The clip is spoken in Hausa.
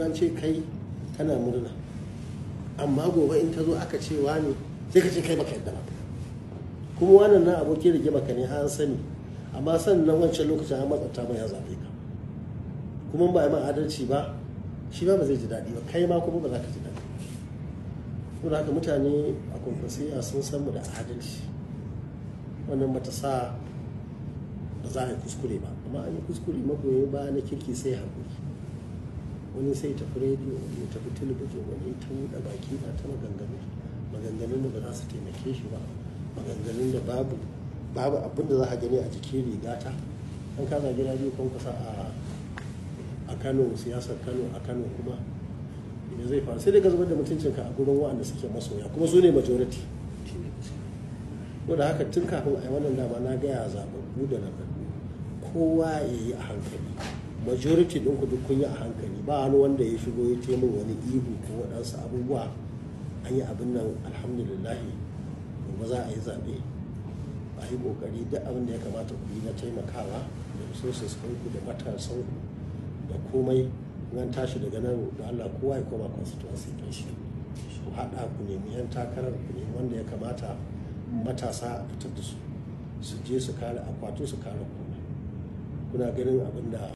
an ce kai kana murna amma gobe in ta zo aka ce wani sai ka ce kai baka yadda ba kuma wannan na abokin rige baka ne an sani amma sannan wancan lokacin an ta mai ya zabe ka kuma ba ma adalci ba shi ba ba zai ji daɗi ba kai ma kuma ba za ka ji daɗi da haka mutane a kwankwasiya sun san mu da adalci wannan bata sa ba za a yi kuskure ba amma an yi kuskure magoyin ba na kirki sai haƙuri wani sai tafi rediyo wani ta tafi talabijin wani ta buɗe baki na ta maganganu maganganun da ba za su taimake shi ba maganganun da babu babu abin da za a gani a jikin rigata an kaza gida biyu kan kusa a kano siyasar kano a kano kuma me zai faru sai dai ka zubar da mutuncinka a gurin wa'anda suke masoya kuma su ne majority da haka tun kafin a yi wannan dama na gaya zaɓaɓɓu da rabaɓɓu kowa ya yi a hankali majority din ku duk kun yi a hankali ba wani wanda ya shigo ya ce min wani ihu ko waɗansu abubuwa an yi abin nan alhamdulillah gobe za a yi zaɓe ba yi ƙoƙari duk abin da ya kamata ku yi na taimakawa da resources ku da matasan ku da komai nan tashi daga nan da Allah kowa ya koma constituency ɗin shi ku haɗa ku nemi 'yan takarar ku nemi wanda ya kamata matasa a fitar da su su je su kare akwatu su kare kuna kuna ganin abin da